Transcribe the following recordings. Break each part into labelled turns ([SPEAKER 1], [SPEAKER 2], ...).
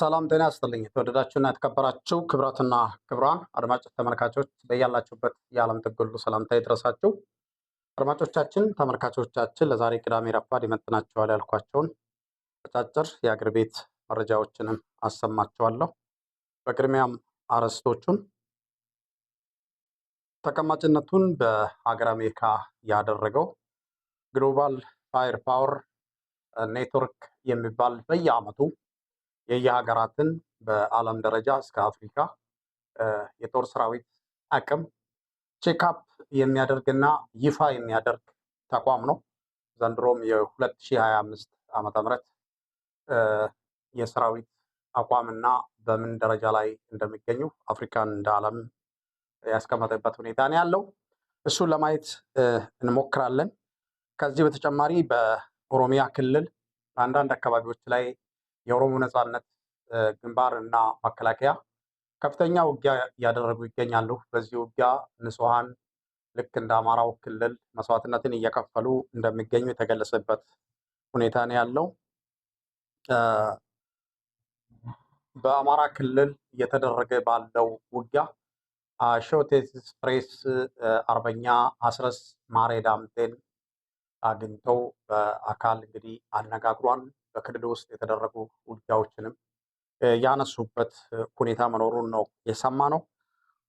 [SPEAKER 1] ሰላም ጤና ያስጥልኝ። የተወደዳችሁና የተከበራችሁ ክብራትና ክብራን አድማጭ ተመልካቾች በያላችሁበት የዓለም ጥግ ሁሉ ሰላምታ ይድረሳችሁ። አድማጮቻችን፣ ተመልካቾቻችን ለዛሬ ቅዳሜ ረፋድ ይመጥናችኋል ያልኳቸውን አጫጭር የአገር ቤት መረጃዎችንም አሰማችኋለሁ። በቅድሚያም አርዕስቶቹን ተቀማጭነቱን በሀገር አሜሪካ ያደረገው ግሎባል ፋየር ፓወር ኔትወርክ የሚባል በየዓመቱ የየሀገራትን በዓለም ደረጃ እስከ አፍሪካ የጦር ሰራዊት አቅም ቼክአፕ የሚያደርግና ይፋ የሚያደርግ ተቋም ነው። ዘንድሮም የ2025 ዓ ምህረት የሰራዊት አቋምና በምን ደረጃ ላይ እንደሚገኙ አፍሪካን እንደ ዓለም ያስቀመጠበት ሁኔታ ነው ያለው። እሱን ለማየት እንሞክራለን። ከዚህ በተጨማሪ በኦሮሚያ ክልል በአንዳንድ አካባቢዎች ላይ የኦሮሞ ነጻነት ግንባር እና መከላከያ ከፍተኛ ውጊያ እያደረጉ ይገኛሉ። በዚህ ውጊያ ንጹሐን ልክ እንደ አማራው ክልል መስዋዕትነትን እየከፈሉ እንደሚገኙ የተገለጸበት ሁኔታ ነው ያለው። በአማራ ክልል እየተደረገ ባለው ውጊያ ሾቴ ፕሬስ አርበኛ አስረስ ማሬ ዳምጤን አግኝተው በአካል እንግዲህ አነጋግሯል። በክልል ውስጥ የተደረጉ ውጊያዎችንም ያነሱበት ሁኔታ መኖሩን ነው የሰማ ነው።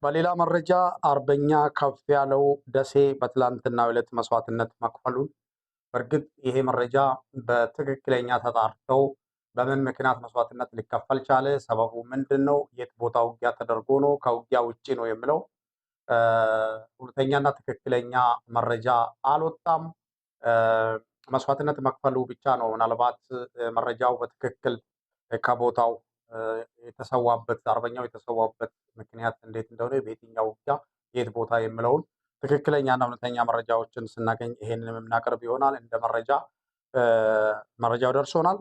[SPEAKER 1] በሌላ መረጃ አርበኛ ከፍ ያለው ደሴ በትላንትና ዕለት መስዋዕትነት መክፈሉን፣ በእርግጥ ይሄ መረጃ በትክክለኛ ተጣርተው በምን ምክንያት መስዋዕትነት ሊከፈል ቻለ? ሰበቡ ምንድን ነው? የት ቦታ ውጊያ ተደርጎ ነው? ከውጊያ ውጭ ነው የሚለው እውነተኛና ትክክለኛ መረጃ አልወጣም። መስዋዕትነት መክፈሉ ብቻ ነው። ምናልባት መረጃው በትክክል ከቦታው የተሰዋበት አርበኛው የተሰዋበት ምክንያት እንዴት እንደሆነ በየትኛው ውጊያ የት ቦታ የምለውን ትክክለኛና እውነተኛ መረጃዎችን ስናገኝ ይሄንን የምናቀርብ ይሆናል። እንደ መረጃ መረጃው ደርሶናል።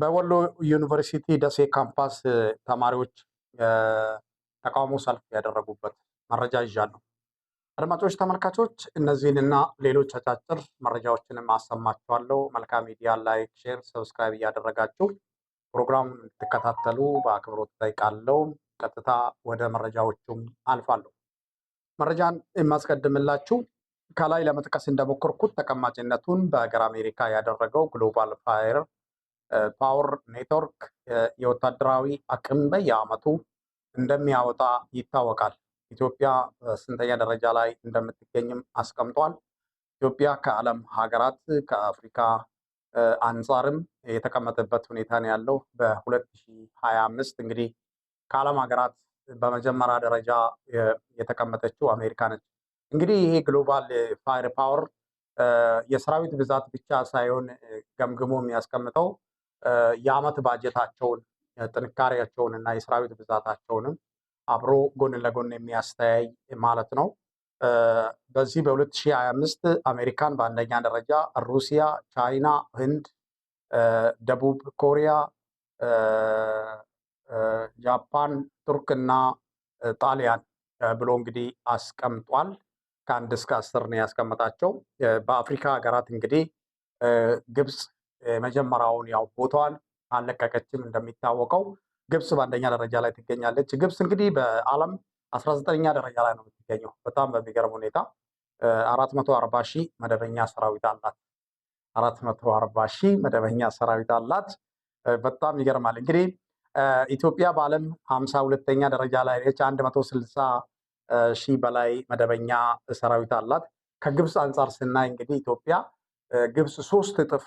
[SPEAKER 1] በወሎ ዩኒቨርሲቲ ደሴ ካምፓስ ተማሪዎች ተቃውሞ ሰልፍ ያደረጉበት መረጃ ይዣለሁ። አድማጮች ተመልካቾች፣ እነዚህንና ሌሎች አጫጭር መረጃዎችን አሰማችኋለሁ። መልካም ሚዲያ ላይክ፣ ሼር፣ ሰብስክራይብ እያደረጋችሁ ፕሮግራሙን እንድትከታተሉ በአክብሮት ጠይቃለሁ። ቀጥታ ወደ መረጃዎቹም አልፋለሁ። መረጃን የማስቀድምላችሁ ከላይ ለመጥቀስ እንደሞከርኩት ተቀማጭነቱን በሀገር አሜሪካ ያደረገው ግሎባል ፋየር ፓወር ኔትወርክ የወታደራዊ አቅም በየዓመቱ እንደሚያወጣ ይታወቃል። ኢትዮጵያ በስንተኛ ደረጃ ላይ እንደምትገኝም አስቀምጧል። ኢትዮጵያ ከዓለም ሀገራት ከአፍሪካ አንጻርም የተቀመጠበት ሁኔታ ነው ያለው። በ2025 እንግዲህ ከዓለም ሀገራት በመጀመሪያ ደረጃ የተቀመጠችው አሜሪካ ነች። እንግዲህ ይሄ ግሎባል ፋየር ፓወር የሰራዊት ብዛት ብቻ ሳይሆን ገምግሞ የሚያስቀምጠው የአመት ባጀታቸውን ጥንካሬያቸውን እና የሰራዊት ብዛታቸውንም አብሮ ጎን ለጎን የሚያስተያይ ማለት ነው። በዚህ በ2025 አሜሪካን በአንደኛ ደረጃ፣ ሩሲያ፣ ቻይና፣ ህንድ፣ ደቡብ ኮሪያ፣ ጃፓን፣ ቱርክ እና ጣሊያን ብሎ እንግዲህ አስቀምጧል። ከአንድ እስከ አስር ነው ያስቀመጣቸው። በአፍሪካ ሀገራት እንግዲህ ግብፅ መጀመሪያውን ያው ቦታዋን አለቀቀችም እንደሚታወቀው ግብጽ በአንደኛ ደረጃ ላይ ትገኛለች። ግብጽ እንግዲህ በዓለም አስራ ዘጠነኛ ደረጃ ላይ ነው የምትገኘው። በጣም በሚገርም ሁኔታ አራት መቶ አርባ ሺህ መደበኛ ሰራዊት አላት። አራት መቶ አርባ ሺህ መደበኛ ሰራዊት አላት። በጣም ይገርማል። እንግዲህ ኢትዮጵያ በዓለም ሀምሳ ሁለተኛ ደረጃ ላይ ነች። አንድ መቶ ስልሳ ሺህ በላይ መደበኛ ሰራዊት አላት። ከግብፅ አንጻር ስናይ እንግዲህ ኢትዮጵያ ግብፅ ሶስት እጥፍ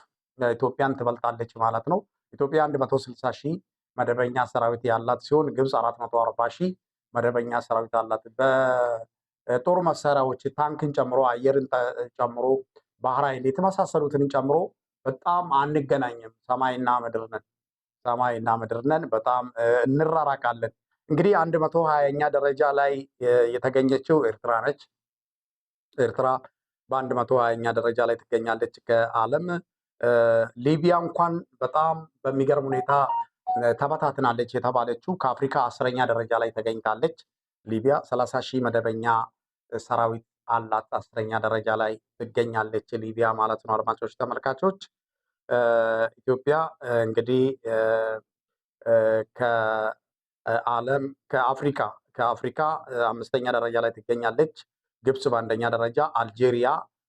[SPEAKER 1] ኢትዮጵያን ትበልጣለች ማለት ነው። ኢትዮጵያ አንድ መቶ ስልሳ ሺህ መደበኛ ሰራዊት ያላት ሲሆን ግብፅ 440 ሺህ መደበኛ ሰራዊት አላት። በጦር መሳሪያዎች ታንክን ጨምሮ አየርን ጨምሮ ባህር ኃይል የተመሳሰሉትን ጨምሮ በጣም አንገናኝም። ሰማይና ምድር ነን፣ ሰማይና ምድር ነን። በጣም እንራራቃለን። እንግዲህ አንድ መቶ ሀያኛ ደረጃ ላይ የተገኘችው ኤርትራ ነች። ኤርትራ በአንድ መቶ ሀያኛ ደረጃ ላይ ትገኛለች ከዓለም ሊቢያ እንኳን በጣም በሚገርም ሁኔታ ተበታትናለች የተባለችው ከአፍሪካ አስረኛ ደረጃ ላይ ተገኝታለች። ሊቢያ 30 ሺህ መደበኛ ሰራዊት አላት። አስረኛ ደረጃ ላይ ትገኛለች ሊቢያ ማለት ነው። አድማጮች ተመልካቾች፣ ኢትዮጵያ እንግዲህ ከዓለም ከአፍሪካ ከአፍሪካ አምስተኛ ደረጃ ላይ ትገኛለች። ግብፅ በአንደኛ ደረጃ፣ አልጄሪያ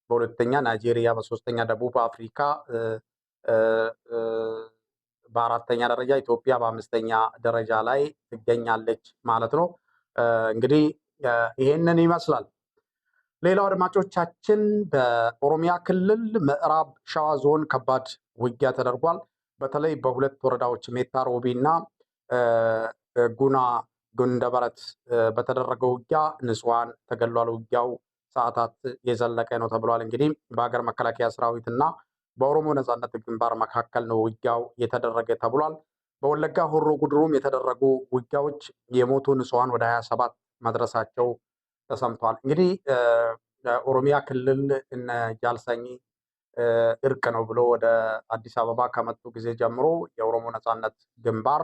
[SPEAKER 1] በሁለተኛ፣ ናይጄሪያ በሶስተኛ፣ ደቡብ አፍሪካ በአራተኛ ደረጃ ኢትዮጵያ በአምስተኛ ደረጃ ላይ ትገኛለች ማለት ነው። እንግዲህ ይሄንን ይመስላል። ሌላው አድማጮቻችን በኦሮሚያ ክልል ምዕራብ ሸዋ ዞን ከባድ ውጊያ ተደርጓል። በተለይ በሁለት ወረዳዎች ሜታ ሮቢ እና ጉና ጉንደበረት በተደረገው ውጊያ ንጹሐን ተገሏል። ውጊያው ሰዓታት የዘለቀ ነው ተብሏል። እንግዲህ በሀገር መከላከያ ሰራዊት እና በኦሮሞ ነጻነት ግንባር መካከል ነው ውጊያው የተደረገ ተብሏል። በወለጋ ሆሮ ጉድሩም የተደረጉ ውጊያዎች የሞቱ ንጹሐን ወደ ሀያ ሰባት መድረሳቸው ተሰምቷል። እንግዲህ ኦሮሚያ ክልል እነ ጃልሰኝ እርቅ ነው ብሎ ወደ አዲስ አበባ ከመጡ ጊዜ ጀምሮ የኦሮሞ ነጻነት ግንባር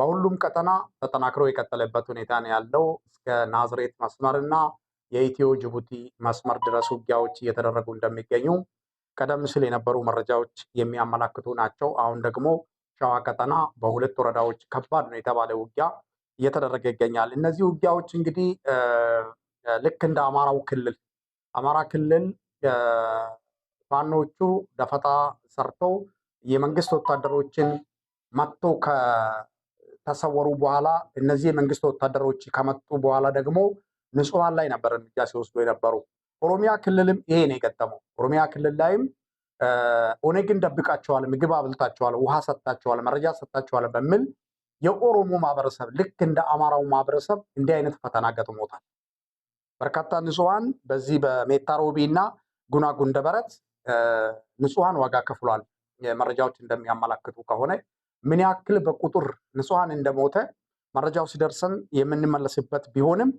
[SPEAKER 1] በሁሉም ቀጠና ተጠናክሮ የቀጠለበት ሁኔታ ነው ያለው። እስከ ናዝሬት መስመር እና የኢትዮ ጅቡቲ መስመር ድረስ ውጊያዎች እየተደረጉ እንደሚገኙ ቀደም ሲል የነበሩ መረጃዎች የሚያመላክቱ ናቸው። አሁን ደግሞ ሸዋ ቀጠና በሁለት ወረዳዎች ከባድ ነው የተባለ ውጊያ እየተደረገ ይገኛል። እነዚህ ውጊያዎች እንግዲህ ልክ እንደ አማራው ክልል አማራ ክልል ፋኖቹ ደፈጣ ሰርቶ የመንግስት ወታደሮችን መጥቶ ከተሰወሩ በኋላ እነዚህ የመንግስት ወታደሮች ከመጡ በኋላ ደግሞ ንጹሐን ላይ ነበር እርምጃ ሲወስዱ የነበሩ ኦሮሚያ ክልልም ይሄ ነው የገጠመው። ኦሮሚያ ክልል ላይም ኦነግን ደብቃቸዋል፣ ምግብ አብልታቸዋል፣ ውሃ ሰጥታቸዋል፣ መረጃ ሰጥታቸዋል በሚል የኦሮሞ ማህበረሰብ ልክ እንደ አማራው ማህበረሰብ እንዲህ አይነት ፈተና ገጥሞታል። በርካታ ንጹሐን በዚህ በሜታ ሮቢ እና ጉና ጉንደበረት ንጹሐን ዋጋ ከፍሏል። መረጃዎች እንደሚያመላክቱ ከሆነ ምን ያክል በቁጥር ንጹሐን እንደሞተ መረጃው ሲደርሰን የምንመለስበት ቢሆንም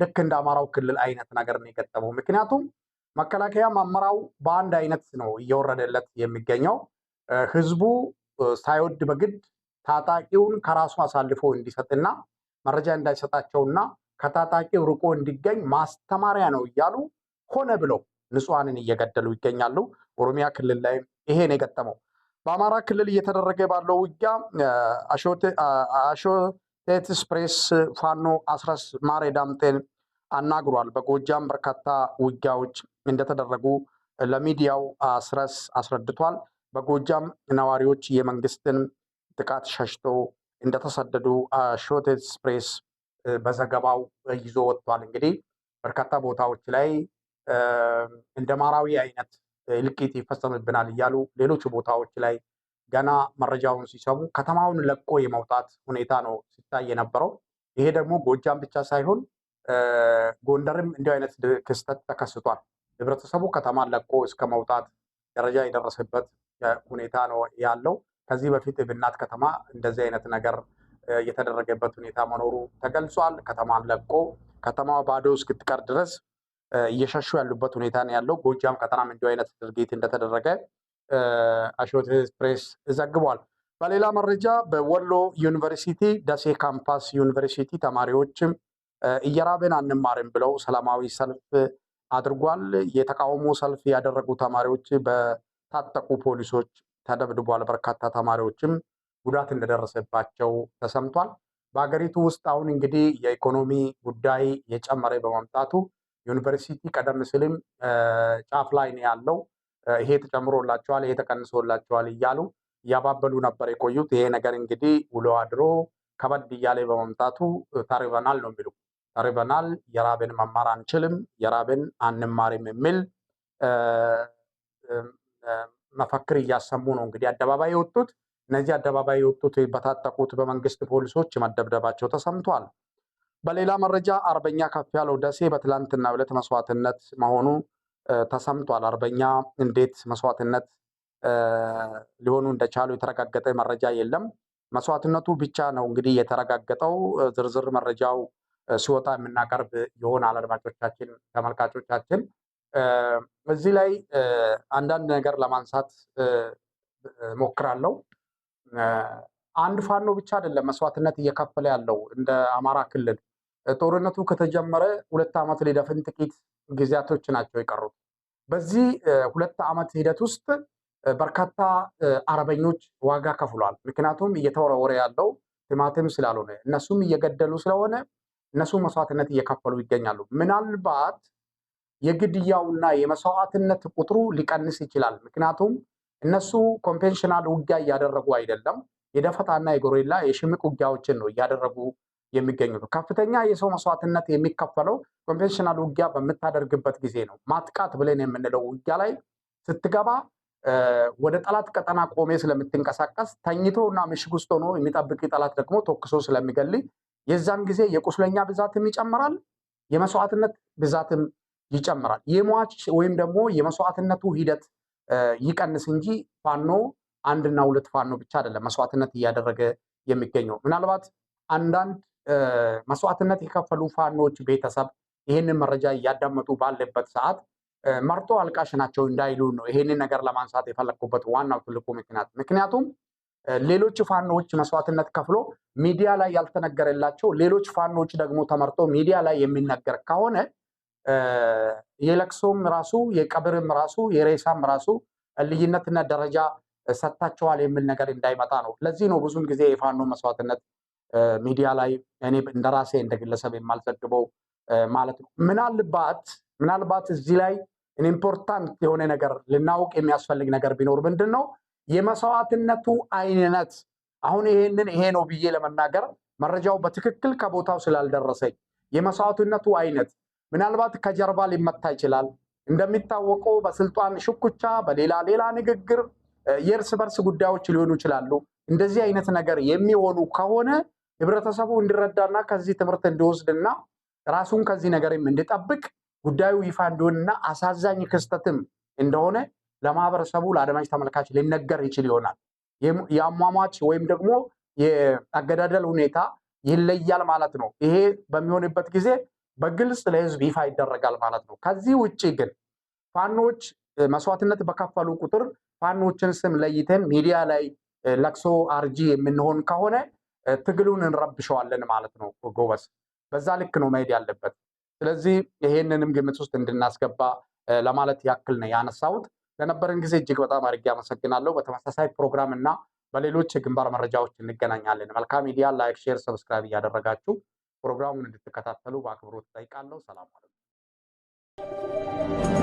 [SPEAKER 1] ልክ እንደ አማራው ክልል አይነት ነገር ነው የገጠመው። ምክንያቱም መከላከያ አመራው በአንድ አይነት ነው እየወረደለት የሚገኘው። ህዝቡ ሳይወድ በግድ ታጣቂውን ከራሱ አሳልፎ እንዲሰጥና መረጃ እንዳይሰጣቸውና ከታጣቂው ርቆ እንዲገኝ ማስተማሪያ ነው እያሉ ሆነ ብለው ንጹሐንን እየገደሉ ይገኛሉ። ኦሮሚያ ክልል ላይም ይሄ ነው የገጠመው። በአማራ ክልል እየተደረገ ባለው ውጊያ ኤትስ ፕሬስ ፋኖ አስረስ ማሬ ዳምጤን አናግሯል። በጎጃም በርካታ ውጊያዎች እንደተደረጉ ለሚዲያው አስረስ አስረድቷል። በጎጃም ነዋሪዎች የመንግስትን ጥቃት ሸሽቶ እንደተሰደዱ ሾት ፕሬስ በዘገባው ይዞ ወጥቷል። እንግዲህ በርካታ ቦታዎች ላይ እንደ ማራዊ አይነት እልቂት ይፈጸምብናል እያሉ ሌሎች ቦታዎች ላይ ገና መረጃውን ሲሰሙ ከተማውን ለቆ የመውጣት ሁኔታ ነው ሲታይ የነበረው። ይሄ ደግሞ ጎጃም ብቻ ሳይሆን ጎንደርም እንዲህ አይነት ክስተት ተከስቷል። ህብረተሰቡ ከተማን ለቆ እስከ መውጣት ደረጃ የደረሰበት ሁኔታ ነው ያለው። ከዚህ በፊት ብናት ከተማ እንደዚህ አይነት ነገር የተደረገበት ሁኔታ መኖሩ ተገልጿል። ከተማን ለቆ ከተማዋ ባዶ እስክትቀር ድረስ እየሸሹ ያሉበት ሁኔታ ነው ያለው። ጎጃም ቀጠናም እንዲሁ አይነት ድርጊት እንደተደረገ አሽወት ፕሬስ ዘግቧል። በሌላ መረጃ በወሎ ዩኒቨርሲቲ ደሴ ካምፓስ ዩኒቨርሲቲ ተማሪዎች እየራብን አንማርም ብለው ሰላማዊ ሰልፍ አድርጓል። የተቃውሞ ሰልፍ ያደረጉ ተማሪዎች በታጠቁ ፖሊሶች ተደብድቧል። በርካታ ተማሪዎችም ጉዳት እንደደረሰባቸው ተሰምቷል። በሀገሪቱ ውስጥ አሁን እንግዲህ የኢኮኖሚ ጉዳይ የጨመረ በመምጣቱ ዩኒቨርሲቲ ቀደም ሲልም ጫፍ ላይ ነው ያለው ይሄ ተጨምሮላቸዋል፣ ይሄ ተቀንሶላቸዋል እያሉ እያባበሉ ነበር የቆዩት። ይሄ ነገር እንግዲህ ውሎ አድሮ ከበድ እያለ በመምጣቱ ተርበናል ነው የሚሉ ተርበናል፣ የራብን መማር አንችልም፣ የራብን አንማርም የሚል መፈክር እያሰሙ ነው እንግዲህ አደባባይ የወጡት። እነዚህ አደባባይ የወጡት በታጠቁት በመንግስት ፖሊሶች መደብደባቸው ተሰምቷል። በሌላ መረጃ አርበኛ ከፍ ያለው ደሴ በትላንትና ዕለት መስዋዕትነት መሆኑ ተሰምቷል። አርበኛ እንዴት መስዋዕትነት ሊሆኑ እንደቻሉ የተረጋገጠ መረጃ የለም። መስዋዕትነቱ ብቻ ነው እንግዲህ የተረጋገጠው። ዝርዝር መረጃው ሲወጣ የምናቀርብ ይሆናል። አድማጮቻችን፣ ተመልካቾቻችን እዚህ ላይ አንዳንድ ነገር ለማንሳት ሞክራለሁ። አንድ ፋኖ ብቻ አይደለም መስዋዕትነት እየከፈለ ያለው እንደ አማራ ክልል ጦርነቱ ከተጀመረ ሁለት ዓመት ሊደፍን ጥቂት ጊዜያቶች ናቸው የቀሩት። በዚህ ሁለት ዓመት ሂደት ውስጥ በርካታ አርበኞች ዋጋ ከፍሏል። ምክንያቱም እየተወረወረ ያለው ቲማቲም ስላልሆነ እነሱም እየገደሉ ስለሆነ እነሱ መስዋዕትነት እየከፈሉ ይገኛሉ። ምናልባት የግድያውና የመስዋዕትነት ቁጥሩ ሊቀንስ ይችላል። ምክንያቱም እነሱ ኮንቬንሽናል ውጊያ እያደረጉ አይደለም። የደፈጣና የጎሬላ የሽምቅ ውጊያዎችን ነው እያደረጉ የሚገኙት። ከፍተኛ የሰው መስዋዕትነት የሚከፈለው ኮንቬንሽናል ውጊያ በምታደርግበት ጊዜ ነው። ማጥቃት ብለን የምንለው ውጊያ ላይ ስትገባ ወደ ጠላት ቀጠና ቆሜ ስለምትንቀሳቀስ ተኝቶ እና ምሽግ ውስጥ ሆኖ የሚጠብቅ ጠላት ደግሞ ተኩሶ ስለሚገል የዛን ጊዜ የቁስለኛ ብዛትም ይጨምራል፣ የመስዋዕትነት ብዛትም ይጨምራል። የሟች ወይም ደግሞ የመስዋዕትነቱ ሂደት ይቀንስ እንጂ ፋኖ አንድና ሁለት ፋኖ ብቻ አይደለም መስዋዕትነት እያደረገ የሚገኘው ምናልባት አንዳንድ መስዋዕትነት የከፈሉ ፋኖች ቤተሰብ ይህንን መረጃ እያዳመጡ ባለበት ሰዓት መርጦ አልቃሽ ናቸው እንዳይሉ ነው ይህንን ነገር ለማንሳት የፈለግኩበት ዋናው ትልቁ ምክንያት። ምክንያቱም ሌሎች ፋኖች መስዋዕትነት ከፍሎ ሚዲያ ላይ ያልተነገረላቸው ሌሎች ፋኖች ደግሞ ተመርጦ ሚዲያ ላይ የሚነገር ከሆነ የለቅሶም ራሱ የቀብርም ራሱ የሬሳም ራሱ ልዩነትና ደረጃ ሰጥታቸዋል የሚል ነገር እንዳይመጣ ነው። ለዚህ ነው ብዙን ጊዜ የፋኖ መስዋዕትነት ሚዲያ ላይ እኔ እንደራሴ እንደግለሰብ የማልዘግበው ማለት ነው። ምናልባት ምናልባት እዚህ ላይ ኢምፖርታንት የሆነ ነገር ልናውቅ የሚያስፈልግ ነገር ቢኖር ምንድን ነው የመስዋዕትነቱ አይነት። አሁን ይሄንን ይሄ ነው ብዬ ለመናገር መረጃው በትክክል ከቦታው ስላልደረሰኝ የመስዋዕትነቱ አይነት ምናልባት ከጀርባ ሊመታ ይችላል። እንደሚታወቀው በስልጣን ሽኩቻ፣ በሌላ ሌላ ንግግር የእርስ በርስ ጉዳዮች ሊሆኑ ይችላሉ። እንደዚህ አይነት ነገር የሚሆኑ ከሆነ ህብረተሰቡ እንዲረዳና ከዚህ ትምህርት እንዲወስድና ራሱን ከዚህ ነገርም እንዲጠብቅ ጉዳዩ ይፋ እንዲሆንና አሳዛኝ ክስተትም እንደሆነ ለማህበረሰቡ ለአድማጭ ተመልካች ሊነገር ይችል ይሆናል። የአሟሟች ወይም ደግሞ የአገዳደል ሁኔታ ይለያል ማለት ነው። ይሄ በሚሆንበት ጊዜ በግልጽ ለህዝብ ይፋ ይደረጋል ማለት ነው። ከዚህ ውጭ ግን ፋኖች መስዋዕትነት በከፈሉ ቁጥር ፋኖችን ስም ለይተን ሚዲያ ላይ ለቅሶ አርጂ የምንሆን ከሆነ ትግሉን እንረብሸዋለን ማለት ነው። ጎበስ በዛ ልክ ነው መሄድ ያለበት። ስለዚህ ይሄንንም ግምት ውስጥ እንድናስገባ ለማለት ያክል ነው ያነሳሁት። ለነበረን ጊዜ እጅግ በጣም አድርጌ አመሰግናለሁ። በተመሳሳይ ፕሮግራም እና በሌሎች የግንባር መረጃዎች እንገናኛለን። መልካም ሚዲያ ላይክ፣ ሼር፣ ሰብስክራይብ እያደረጋችሁ ፕሮግራሙን እንድትከታተሉ በአክብሮት ጠይቃለሁ። ሰላም አለኩም።